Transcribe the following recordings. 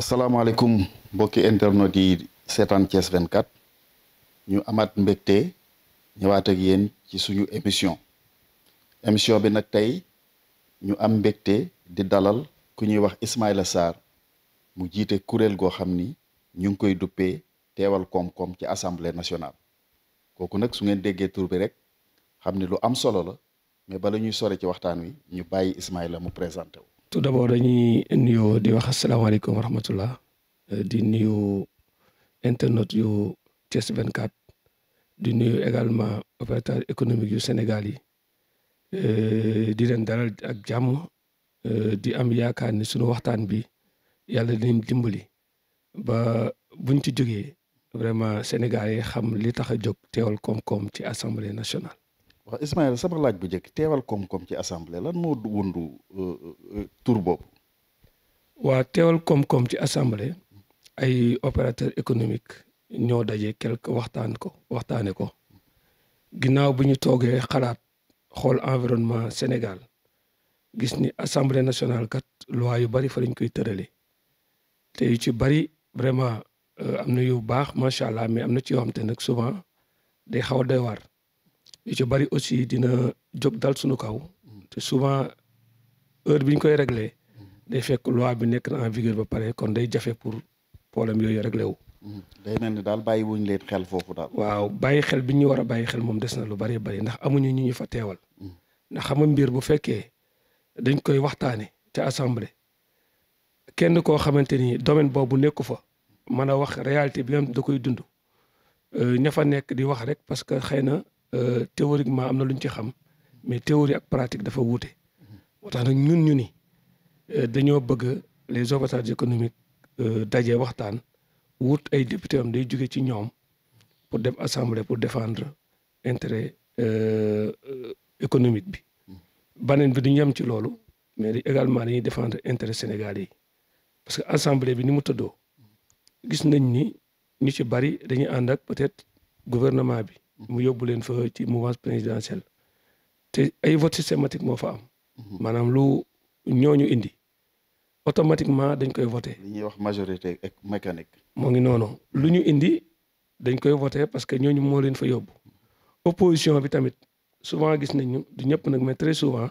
asalaamaaleykum mbokki internet yi seetaan Thiès 24 ñu amaat mbégte ñëwaat ak yéen ci suñu émission émission bi nag tey ñu am mbégte di dalal ku ñuy wax Ismaïla Sarr mu jiite kuréel goo xam ni ñu ngi koy duppee teewal koom-koom ci assemblée nationale kooku nag su ngeen déggee tur bi rek xam ni lu am solo la mais bala ñuy sore ci waxtaan wi ñu bàyyi Ismaïla mu présenté wu. tout d'abord dañuy nuyu di wax asalaamaaleykum wa rahmatullah euh, di nuyu internet yu Thiès 24 di nuyu également opérateur économique yu Sénégal yi euh, di leen dalal ak jàmm euh, di am yaakaar ni sunu waxtaan bi yàlla dinañ dimbali ba buñ ci jógee vraiment Sénégal yi xam li tax a jóg teewal koom-koom ci assemblée nationale. wax Ismaïla sama laaj bu njëkk teewal koom-koom ci assemblée lan moo wundu euh, euh, tur boobu. waa teewal koom-koom ci assemblée ay opérateur économique ñoo daje quelque waxtaan ko waxtaane ko ginnaaw bu ñu toogee xalaat xool environnement Sénégal gis ni assemblée nationale kat loi yu bari fa lañ koy tërale te yu ci bari vraiment euh, am na yu baax macha allah mais am na ci yoo xam te nag souvent day xaw a doy yu ci bari aussi dina jóg dal suñu kaw te souvent heure bi ñu koy réglé day fekk loi bi nekk na en vigueur ba pare kon day jafe pour problème yooyu réglé wu. Hmm. day mel daal bàyyi wuñ leen xel foofu daal. waaw bàyyi xel bi ñu war a bàyyi xel moom des na lu bari bari ndax amuñu ñu ñu fa teewal. Hmm. ndax xam mbiir bu fekkee dañ koy waxtaane te assemblée kenn koo xamante ni domaine boobu nekku fa mën a wax réalité bi nga da koy dund euh, ña fa nekk di wax rek parce que xëy na. Euh, théoriquement am na lu ñu ci xam mais théorie ak pratique dafa wuute. moo tax nag ñun ñu ni euh, dañoo bëgg les observateurs économiques euh, daje waxtaan wut ay député am day jóge ci ñoom pour dem assemblée pour défendre intérêt économique bi. baneen bi duñu yem ci loolu mais également dañuy défendre intérêt Sénégal yi parce que assemblée bi ni mu tëddoo gis nañ ni ñu ci bari dañuy ànd ak peut-être. gouvernement bi mu yóbbu leen fa ci mouvance présidentielle te ay vote systématique moo fa am mhm. maanaam lu ñooñu indi automatiquement dañ koy voté li ñuy wax majorité ak moo ngi noonu lu ñu indi dañ koy voté parce que ñooñu moo leen fa yóbbu opposition bi tamit souvent gis nañu du ñëpp nag mais très souvent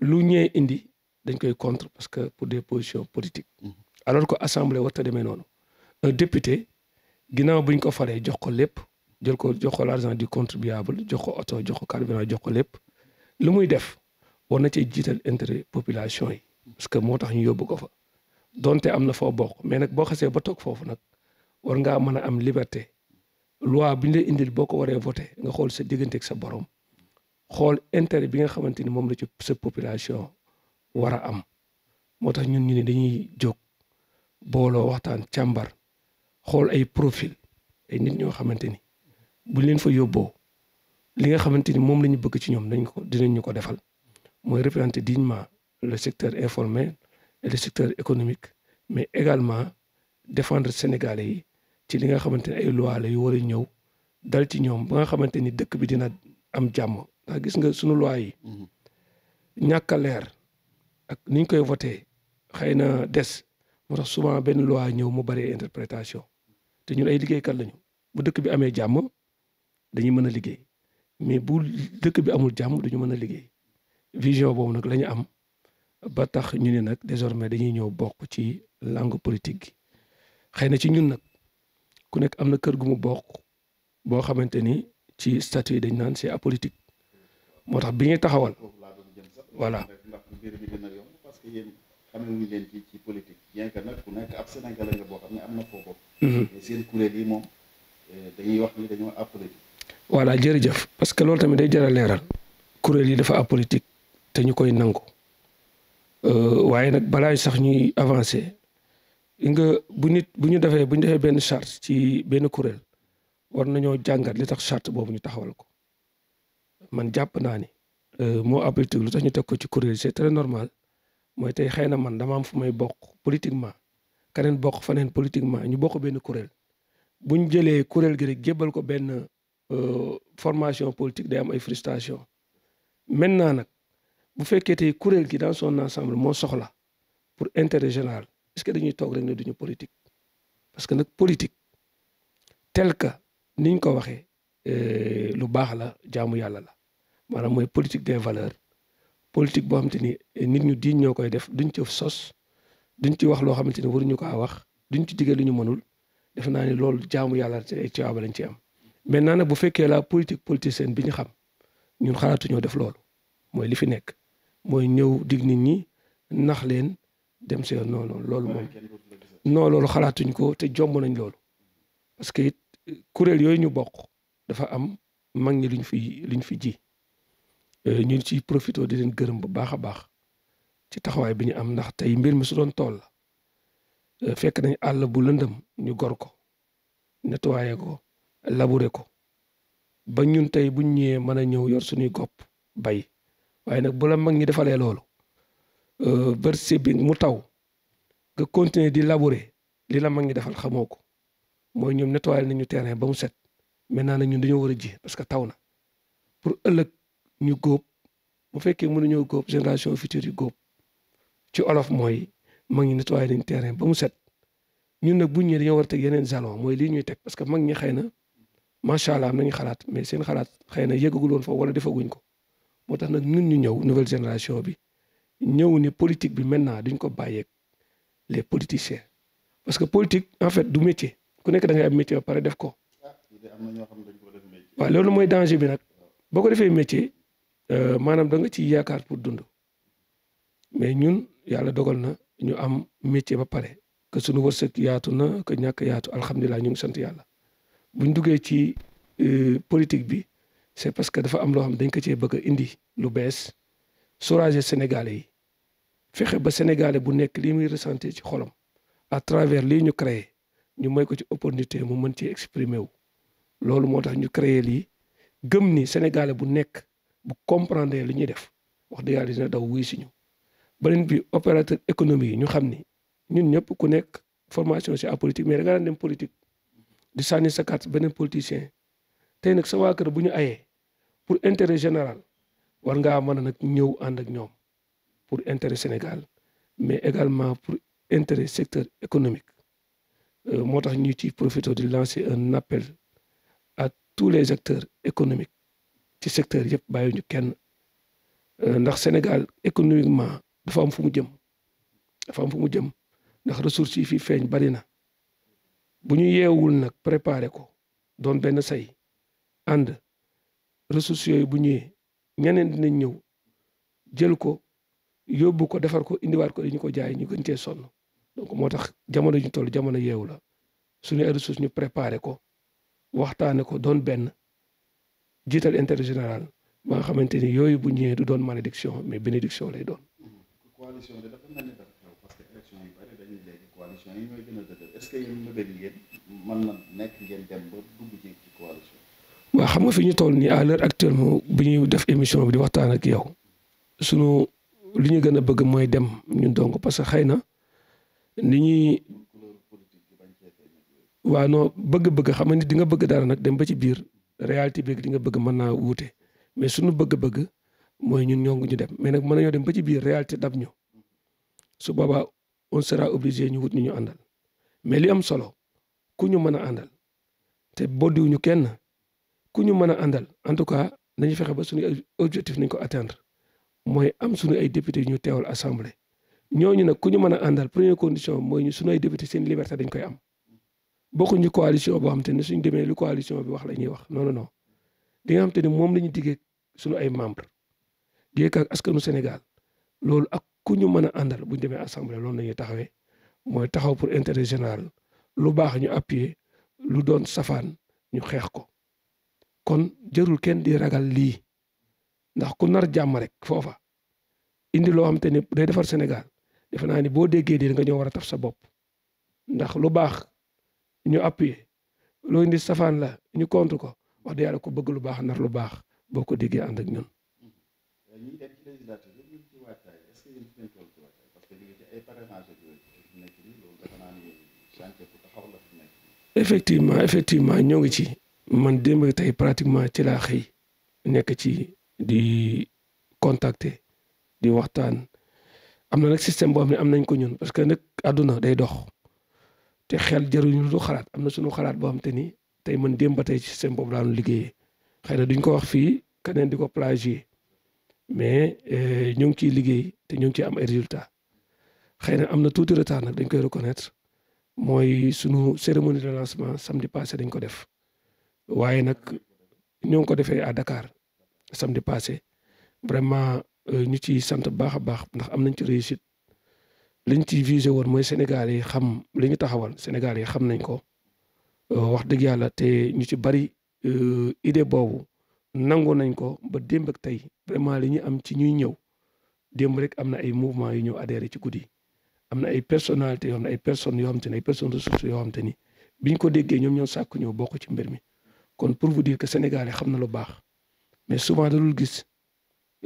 lu ñee indi dañ koy contre parce que pour des position politiques mhm. alors ko assemblée warta demee noonu un député ginnaaw buñ ko faree jox ko lépp jël ko jox ko l' argent du contribuable jox ko oto jox ko carburant jox lépp lu muy def war na cee jiital intérêt population yi parce que moo tax ñu yóbbu ko fa donte am na foo bokk mais nag boo xasee ba toog foofu nag war ngaa mën a am liberté loi bi ñu la indil boo ko waree voté nga xool sa diggante ak sa borom xool intérêt bi nga xamante ni moom la ci sa population war a am moo tax ñun ñu ne dañuy jóg booloo waxtaan càmbar xool ay profil ay nit ñoo xamante ni bu leen fa yóbboo li nga xamante ni moom la ñu bëgg ci ñoom dañ ko dinañ ñu ko defal mooy représenter dignement le secteur informel et le secteur économique mais également défendre Sénégalais yi ci li nga xamante ne ay loi la yu war ñëw dal ci ñoom ba nga xamante ni dëkk bi dina am jàmm ndax gis nga sunu loi yi mm-hmm. ñàkk leer ak niñ koy voté xëy na des moo tax souvent benn loi ñëw mu bari interprétation te ñun ay liggéeykat lañu bu dëkk bi amee jàmm dañuy mën a liggéey mais bu dëkk bi amul jàmm duñu mën a liggéey vision boobu nag la am ba tax ñu ne nag désormais dañuy ñëw bokk ci langue politique gi xëy na ci ñun nag ku nekk am na kër gu mu bokk boo xamante ni ci statut dañ naan c'est apolitique moo tax bi ñuy taxawal voilà parce que yéen xam nañu leen ci ci politique bien que ku nekk ab sénégalais nga boo xam ne am na foo bokk mhm. moom eh, dañuy wax ni dañoo apolitique voilà jërëjëf parce que loolu tamit day jëral leeral kuréel yi dafa apolitique te ñu koy nangu euh, waaye nag balaa sax ñuy avancé nga bu nit bu ñu defee bu ñu defee benn charte ci benn kuréel war nañoo jàngat li tax charte boobu ñu taxawal ko man jàpp naa ni euh, moo apolitique lu tax ñu teg ko ci kuréel c'est très normal mooy tey xëy na man dama am fu may bokk politiquement keneen bokk faneen politiquement ñu bokk benn kuréel buñ jëlee kuréel gi rek jébbal ko benn Euh, formation politique day am ay frustration maintenant nag bu fekkee tey kuréel gi dans son ensemble moo soxla pour intérêt général est que dañuy toog rek ne duñu politique parce que nag politique tel que niñ ko waxee euh, lu baax la jaamu yàlla la maanaam mooy politique des valeurs politique boo xamante ni nit ñu diiñ ñoo koy def duñ ci sos duñ ci wax loo xamante ni waruñu ko wax duñ ci digee lu ñu mënul def naa ni loolu jaamu yàlla ci ay tuyaaba lañ ci am maintenant nag bu fekkee la politique politicienne bi ñu xam ñun xalaatuñoo def loolu mooy li fi nekk mooy ñëw dig nit ñi nax leen dem seen non non loolu moom non loolu xalaatuñ ko te jomb nañ loolu parce que it kuréel yooyu ñu bokk dafa am mag ñi luñ fi luñ fi ji euh, ñu ciy profité di leen gërëm bu baax a baax ci taxawaay bi ñu am ndax tey mbir mi su doon tool la euh, fekk nañ àll bu lëndëm ñu gor ko nettoyé ko labouré ko ba ñun tey buñ ñëwee mën a ñëw yor suñuy gopp bay waaye nag bu la mag ñi defalee loolu euh, verset bi mu taw nga continuer di labouré li la mag ñi defal xamoo ko mooy ñoom nettoyé nañu terrain ba mu set maintenant nag ñun dañoo war a ji parce que taw na pour ëllëg ñu góob bu fekkee ñëw góob génération future yi góob ci olof mooy mag ñi nettoyé nañu terrain ba mu set ñun nag bu ñëwee dañoo war a teg yeneen jalon mooy lii ñuy teg parce que mag ñi xëy na macha allah am nañu xalaat mais seen xalaat xëy na yëggagul woon foofu wala defaguñ ko moo tax nag ñun ñu ñëw nouvelle génération bi ñëw ni politique bi maintenant duñ ko bàyyeeg les politiciens parce que politique en fait du métier ku nekk da ngay am métier ba pare def ko. Ah, waaw loolu mooy danger bi nag boo ko defee métier euh, maanaam da nga ci yaakaar pour dund mais ñun yàlla dogal na ñu am métier ba pare que sunu wërsëg yaatu na que ñàkk yaatu alhamdulilah ñu ngi sant yàlla. bu ñu duggee ci euh, politique bi c' parce que dafa am loo xam dañ ko cee bëgg indi lu bees soulager sénégalais yi fexe ba sénégalais bu nekk lii muy recenté ci xolom à travers lii ñu créé ñu may ko ci opportunité mu mën ci exprimer wu. loolu moo tax ñu créer lii gëm ni sénégalais bu nekk bu comprendre li ñuy def wax dëgg yàlla dina daw wuy si ñu beneen bi opérateur économie yi ñu xam ni ñun ñëpp ku nekk formation ci à politique mais da daan dem politique. di sànni sa carte beneen politicien tey nag sa waa kër bu ñu ayee pour intérêt général war ngaa mën a nag ñëw ànd ak ñoom pour intérêt Sénégal mais également pour intérêt secteur économique euh, moo tax ñu ci profité di lancer un appel ak tous les acteurs économiques ci secteur yëpp ñu kenn euh, ndax Sénégal économiquement dafa am fu mu jëm dafa am fu mu jëm ndax ressources yi fi feeñ bari na bu ñu yeewul nag préparé ko doon benn say ànd ressources yooyu bu ñëwee ñeneen dinañ ñëw jël ko yóbbu ko defar ko indiwaat ko di ñu ko jaay ñu gën cee sonn donc moo tax jamono ñu toll jamono yeewu la suñu ay ressources ñu préparé ko waxtaane ko doon benn jiital inter général ba nga xamante ni yooyu bu ñëwee du doon malédiction mais bénédiction lay doon. coalition yi ñooy gën a dëgër est-ce na nekk dem ba xam nga fi ñu toll nii à l'heure actuellement bi ñuy def émission bi di waxtaan ak yow sunu li ñu gën a bëgg mooy dem ñun donc parce que xëy na ni ñuy waaw noo bëgg-bëgg xam nga di nga bëgg dara nag dem ba ci biir réalité bi di nga bëgg mën naa wuute mais sunu bëgg-bëgg mooy ñun ñoo ñu dem mais nag mën nañoo dem ba ci biir réalité dab ñu su boobaa on sera obligé ñu wut ñu ñu àndal mais li am solo ku ñu mën a àndal te boddiwuñu kenn ku ñu mën a àndal en tout cas nañu fexe ba suñu objectif nañ ko atteindre mooy am sunu ay député yu ñu teewal assemblée ñooñu nag ku ñu mën a àndal première condition mooy ñu suñu ay député seen liberté dañ koy am bokkuñu coalition boo xam te ne suñ demee lu coalition bi wax la ñuy wax non noo non nga xam te ne moom lañu ñu diggee suñu ay membre diggee ak askanu Sénégal loolu ku ñu mën a àndal bu ñu demee assemblée loolu la ñuy taxawee mooy taxaw pour intérêt général lu baax ñu appuyer lu doon safaan ñu xeex ko kon jërul kenn di ragal lii ndax ku nar jàmm rek foofa indi loo xam te ni day defar Sénégal defe naa ni boo déggee di nga ñëw war a taf sa bopp ndax lu baax ñu appuyer loo indi safaan la ñu contre ko wax dëgg yàlla ko bëgg lu baax nar lu baax boo ko déggee ànd ak ñun. effectivement effectivement ñoo ngi ci man démb tey pratiquement ci laa nekk ci di contacte di waxtaan am na nag système boo xam ne am nañ ko ñun parce que nag àdduna day dox te xel jaruñu lu am na suñu xalaat boo xam te ni tey man démb ba tey ci système boobu laa doon liggéeyee xëy na duñ ko wax fii keneen di ko plagier mais euh, ñoo ngi ciy liggéey te ñoo ngi ciy am ay résultats xëy na am na tuuti retard nag dañ koy reconnaître mooy sunu cérémonie de lancement samedi passé dañ ko def waaye nag ñoo ngi ko defee à Dakar samedi passé vraiment euh, ñu ci sant baax a baax ndax am nañ ci réussite liñ ci visé woon mooy Sénégal yi xam li ñu taxawal Sénégal yi xam nañ ko euh, wax dëgg yàlla te ñu ci bari euh, idée boobu nangu nañ ko ba démb ak tey vraiment li ñu am ci ñuy ñëw démb rek am na ay mouvement yu ñëw adhéré ci guddi am na ay personnalité yoo xam ne ay personnes yoo xam te ne ay personnes yoo xam te ni ko déggee ñoom ñoo sàkk ñëw bokk ci mbir mi kon pour vous dire que sénégalais xam na lu baax mais souvent da dul gis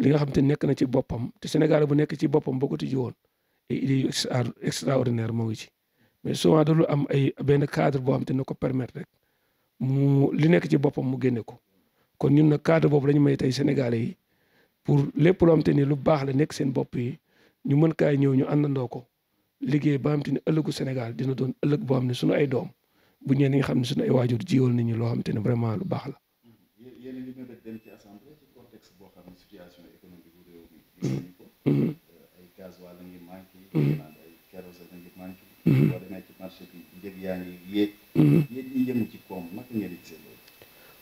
li nga xam te nekk na ci boppam te sénégalais bu nekk ci boppam bokkatu ci woon ay idées yu extraordinaire moo ngi ci mais souvent da dul am ay benn cadre boo xam te ne ko permettre rek mu li nekk ci boppam mu génne ko kon ñun nag cadre boobu la ñu may tey sénégalais yi pour lépp loo xam ni lu baax la nekk seen bopp yi ñu mën kaay ñëw ñu àndandoo ko liggéey ba am te ne ëllëgu Sénégal dina doon ëllëg boo xam ne suñu ay doom bu ñeen ñi nga xam ne suñu ay waajur jiwal nit ñi loo xam te ne vraiment lu la. yéen ngi ci assemblée ci contexte boo xam ne situation économique bu mm-hmm. euh, mm-hmm. mm-hmm. yaa ngi yéeg. yéeg ñi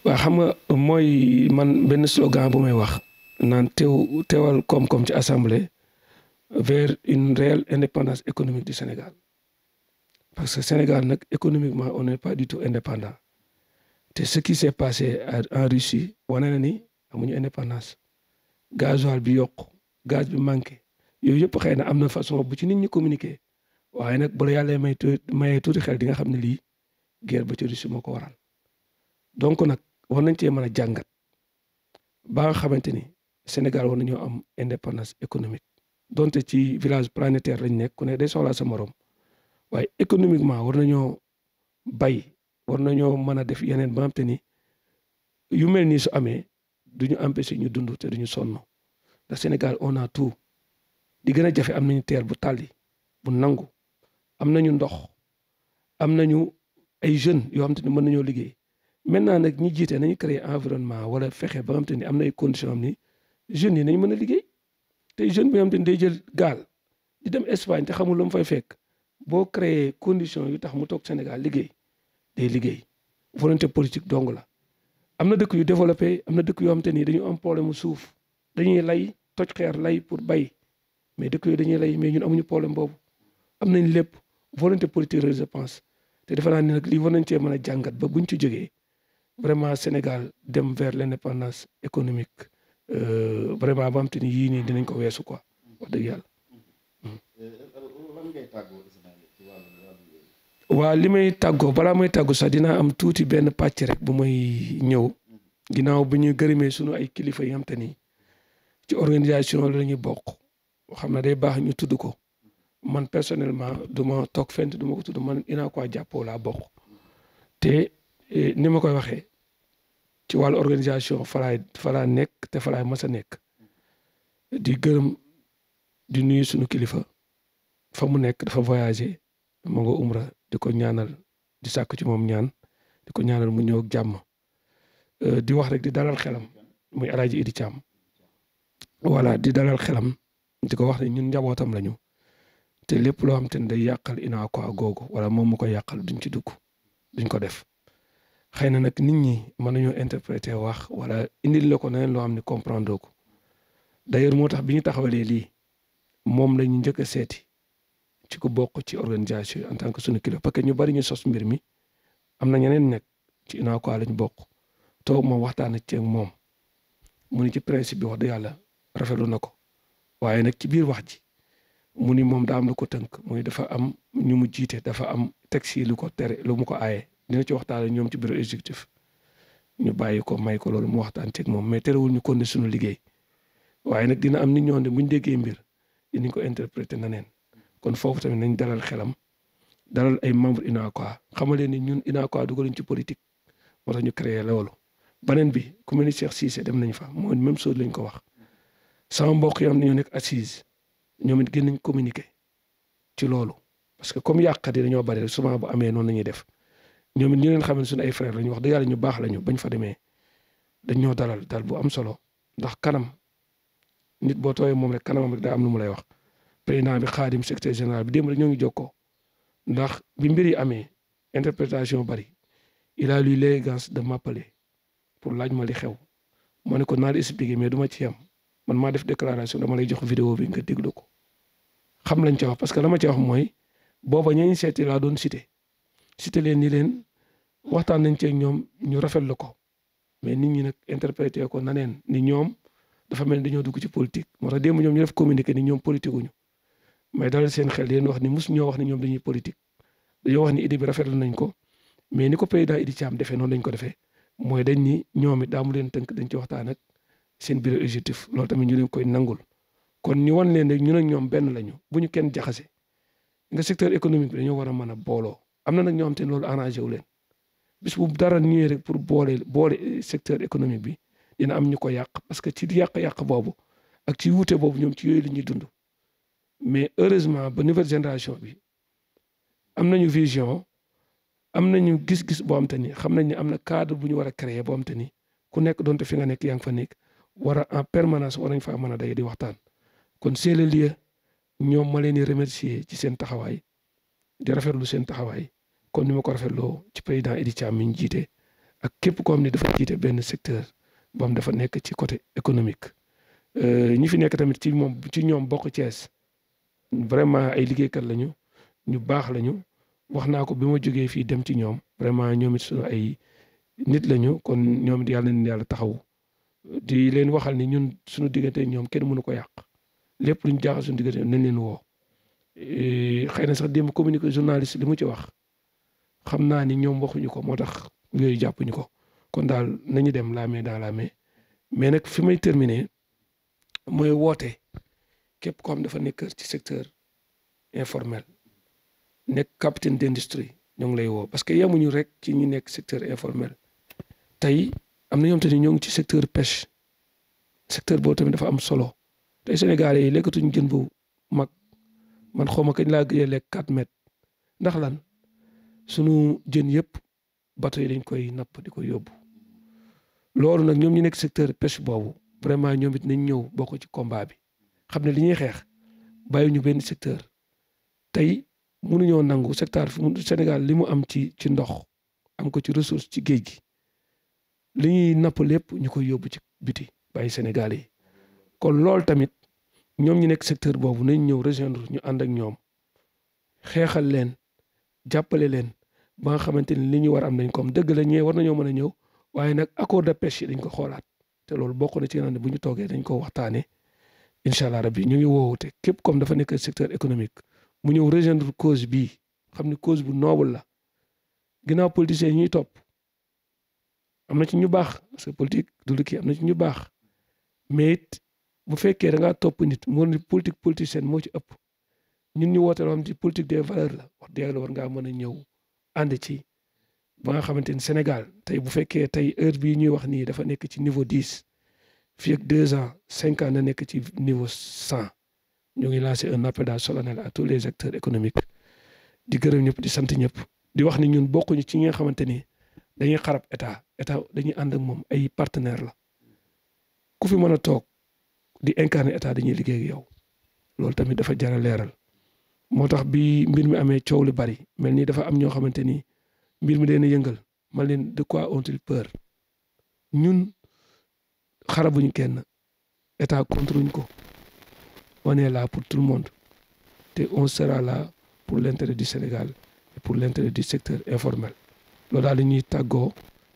xam nga mooy man benn slogan bu may wax naan teew teewal koom-koom ci assemblée. vers une réelle indépendance économique du Sénégal. Parce que Sénégal, nag économiquement, on n'est pas du tout indépendant. te ce qui s'est passé en Russie, on a une indépendance. Gasoil bi yokk gaz bi manqué. Yoyu yep am na façon bu ci nit ñi communiquer. Waye nag bu la Yalla may may tuti xel di nga xamni li guerre ba ci Russie moko waral. Donc nag war nañ ci mëna jangat ba nga xamanteni Sénégal war nañu am indépendance économique. donte ci village planétaire lañ nekk ku ne day soxlaa sa morom waaye économiquement war nañoo bay war nañoo mën a def yeneen ba nga xam te ni yu mel nii su amee du ñu ñu dund te du ñu Sénégal on a tout di gën a jafe am nañu terre bu tàlli bu nangu am nañu ndox am na ñu ay jeunes yoo xam te ni mën nañoo liggéey maintenant nag ñi jiite nañu créer environnement wala fexe ba nga xam te am na ay conditions am ni jeunes yi nañu mën a liggéey. te jeune bi nga xamante ni day jël gaal di dem Espagne te xamul la mu fay fekk boo créer condition yu tax mu toog Sénégal liggéey day liggéey volonté politique dong la am na dëkk yu développé am na dëkk yoo xamante nii dañu am problème mu suuf dañuy lay toj xeer lay pour bay mais dëkk yooyu dañuy lay mais ñun amuñu problème boobu am nañ lépp volonté politique je pense te defe naa ne nag lii war nañ cee mën a jàngat ba buñ ci jógee vraiment Sénégal dem vers l' économique Euh, vraiment ba am te ni yii nii dinañ ko weesu ko wax dëgg yàlla. waaw li may tàggoo balaa may tàggu sax dinaa am tuuti benn pàcc rek bu may ñëw ginnaaw bu ñuy gërëmee sunu ay kilifa yi xam te ni ci organisation la ñu bokk xam ne day baax ñu tudd ko man personnellement du ma toog fent du ma ko tudd man inaa quoi jàppoo laa bokk te eh, ni ma koy waxee ci wàllu organisation falaay falaa nekk te falaay mas nekk di gërëm di nuyu suñu kilifa fa mu nekk dafa voyagé mu nga umra di ko ñaanal di sàkk ci moom ñaan di ko ñaanal mu ñëw ak jàmm euh, di wax rek di dalal xelam muy alaaji Idi Thiam voilà di dalal xelam di ko wax ne ñun njabootam lañu te lépp loo xam te ne day yàqal Unacois googu wala moom mu ko yàqal duñ ci dugg duñ ko def xëy na nag nit ñi mën nañoo interpréter wax wala indil la ko neneen loo xam ne comprendre ko d'ailleurs moo tax bi ñu taxawalee lii moom la ñu njëkk seeti ci ko bokk ci organisation en tant que sunu kilo parce que ñu bari ñu sos mbir mi am na ñeneen nag ci UNACOIS lañ bokk toog moom waxtaan ak moom mu ni ci principe bi wax dëgg yàlla rafetlu na ko waaye nag ci biir wax ji mu ni moom daa am lu ko tënk muy dafa am ñu mu jiite dafa am texte yi lu ko tere mu ko aaye dina ci waxtaan ñoom ci bureau exécutif ñu bàyyi ko may ko loolu mu waxtaan ceeg moom mais terewul ñu ne suñu liggéey waaye nag dina am nit ñoo xam ne buñ déggee mbir dinañ ko interpréter na neen kon foofu tamit nañ dalal xelam dalal ay membre UNACOIS xamal leen ni ñun UNACOIS dugaluñ ci politique moo tax ñu créé loolu. beneen bi ku mel ni Cheikh Cissé dem nañ fa mooy même soo lañ ko wax sama mboq yi am na ñoo nekk assise ñoom it gën nañ communiqué ci loolu parce que comme yàqkat yi dañoo bari rek souvent bu amee noonu la ñuy def. ñoom it ñu leen xam ne suñu ay frère lañu wax dëgg yàlla ñu baax lañu bañ fa demee dañ ñoo dalal dal bu am solo ndax kanam nit boo tooyee moom rek kanamam rek daa am lu mu lay wax président bi xaadim secrétaire général bi démb rek ñoo ngi jokkoo ndax bi mbir yi amee interprétation bari il a eu l'élégance de m'appeler pour laaj ma li xew moo ne ko naa la expliquer mais du ci yem man maa def déclaration dama lay jox vidéo bi nga déglu ko xam lañ ca wax parce que la ma ca wax mooy booba ñañ seeti laa doon cité cité leen ni leen waxtaan nañ ceeg ñoom ñu rafetlu ko mais nit ñi nag interprété ko na naneen ni ñoom dafa mel ni dañoo dugg ci politique moo tax démb ñoom ñu def communiqué ni ñoom politique uñu mais dalal seen xel leen wax ni mus ñoo wax ni ñoom dañuy politique dañoo wax ni idée bi rafetlu nañ ko mais ni ko président Idi Thiam defee noonu lañ ko defee mooy dañ ni ñoom it daamu leen tënk dañ ci waxtaan ak seen bureau exécutif loolu tamit ñu leen koy nangul kon ñu wan leen rek ñu ak ñoom benn lañu bu ñu kenn jaxase nga secteur économique bi dañoo war a mën a booloo am na nag ñoom xam te ne loolu arrangé wu leen dara ñëwee rek pour boole boole secteur économique bi dina am ñu ko yàq parce que ci yàq-yàq boobu ak ci wuute boobu ñoom ci yooyu la ñuy dund mais heureusement ba nouvelle génération bi am nañu vision am nañu gis-gis boo xam te ni xam nañ ne am na cadre bu ñu war a créer boo te ni ku nekk doonte fi nga nekk yaa ngi fa nekk war a en permanence war nañ faa mën a day di waxtaan kon c'est le lieu ñoom ma leen di remercier ci seen taxawaay di rafetlu seen taxawaay comme ni ma ko rafetloo ci président Idi Thiam mi ñu jiite ak képp koo am ne dafa jiite benn secteur boo xam dafa nekk ci côté économique. Euh, ñi fi nekk tamit ci moom ci ñoom bokk Thiès vraiment ay liggéeykat lañu ñu baax lañu wax naa ko bi ma jógee fii dem ci ñoom vraiment ñoom it suñu ay nit lañu kon ñoom it yàlla na yàlla taxaw di leen waxal ni ñun suñu diggante ñoom kenn mënu ko yàq lépp lu ñu jaaxal suñu diggante nañ leen woo euh, xëy na sax démb communiqué journaliste li mu ci wax xam naa ni ñoom waxuñu ko moo tax yooyu jàppuñu ko kon daal nañu dem la main dans la main mais nag fi may terminer mooy woote képp ko xam dafa nekk ci secteur informel nekk capitaine d'industrie ñoo ngi lay woo parce que yamuñu rek ci ñu nekk secteur informel tey am na ñoom te ni ñoo ngi ci secteur pêche secteur boobu tamit dafa am solo tey Sénégalais yi lekkatuñu jën bu mag man xaw ma kañ laa gëjee lekk 4 mètres ndax lan sunu jën yëpp bato yi dañ koy napp di ko yóbbu loolu nag ñoom ñu nekk secteur pêche boobu vraiment ñoom it nañ ñëw bokk ci combat bi xam ne li ñuy xeex bàyyi ñu benn secteur tey mënuñoo nangu secteur fi mu Sénégal li mu am ci ci ndox am ko ci ressource ci géej gi li ñuy napp lépp ñu koy yóbbu ci biti bàyyi Sénégal yi kon loolu tamit ñoom ñu nekk secteur boobu nañ ñëw rejoindre ñu ànd ak ñoom xeexal leen jàppale leen ba nga xamante ni li ñu war am nañ comme dëgg la ñee war nañoo mën a ñëw waaye nag accord de pêche yi dañ ko xoolaat te loolu bokk na ci nga xam bu ñu toogee dañ ko waxtaanee incha allah rabbi ñu ngi woowute képp comme dafa nekk secteur économique mu ñëw rejoindre cause bii xam ni cause bu noble la ginnaaw politiciens yi ñuy topp am na ci ñu baax parce que politique du am na ci ñu baax mais it bu fekkee da ngaa topp nit mu ne politique politicienne moo ci ëpp ñun ñu woote loo xam ci politique des valeurs la wax dëgg la war ngaa mën a ñëw ànd ci ba nga xamante ni Sénégal tey bu fekkee tey heure bii ñuy wax nii dafa nekk ci niveau dix fii ak deux ans cinq ans na nekk ci niveau cent ñu ngi lancé un appel solennel à tous les acteurs économiques di gërëm ñëpp di sant ñëpp di wax ni ñun bokkuñu ci ñi nga xamante ni dañuy xarab état état dañuy ànd ak moom ay partenaire la ku fi mën a toog di incarner état dañuy liggéey yow loolu tamit dafa jar a leeral. moo tax bi mbir mi amee coow lu bari mel ni dafa am ñoo xamante ni mbir mi leen yëngal man leen de quoi ont-ils peur ñun xarabuñu kenn état contre ñu ko on la là pour tout le monde te on sera là pour l'intérêt du Sénégal pour l'intérêt du secteur informel loolu daal ñuy tàggoo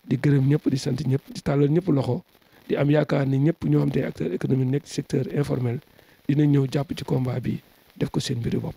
di gërëm ñëpp di sant ñëpp di tàllal ñëpp loxo di am yaakaar ni ñëpp ñoo xam te acteur économique nekk secteur informel dinañ ñëw jàpp ci komba bi def ko seen mbiru bopp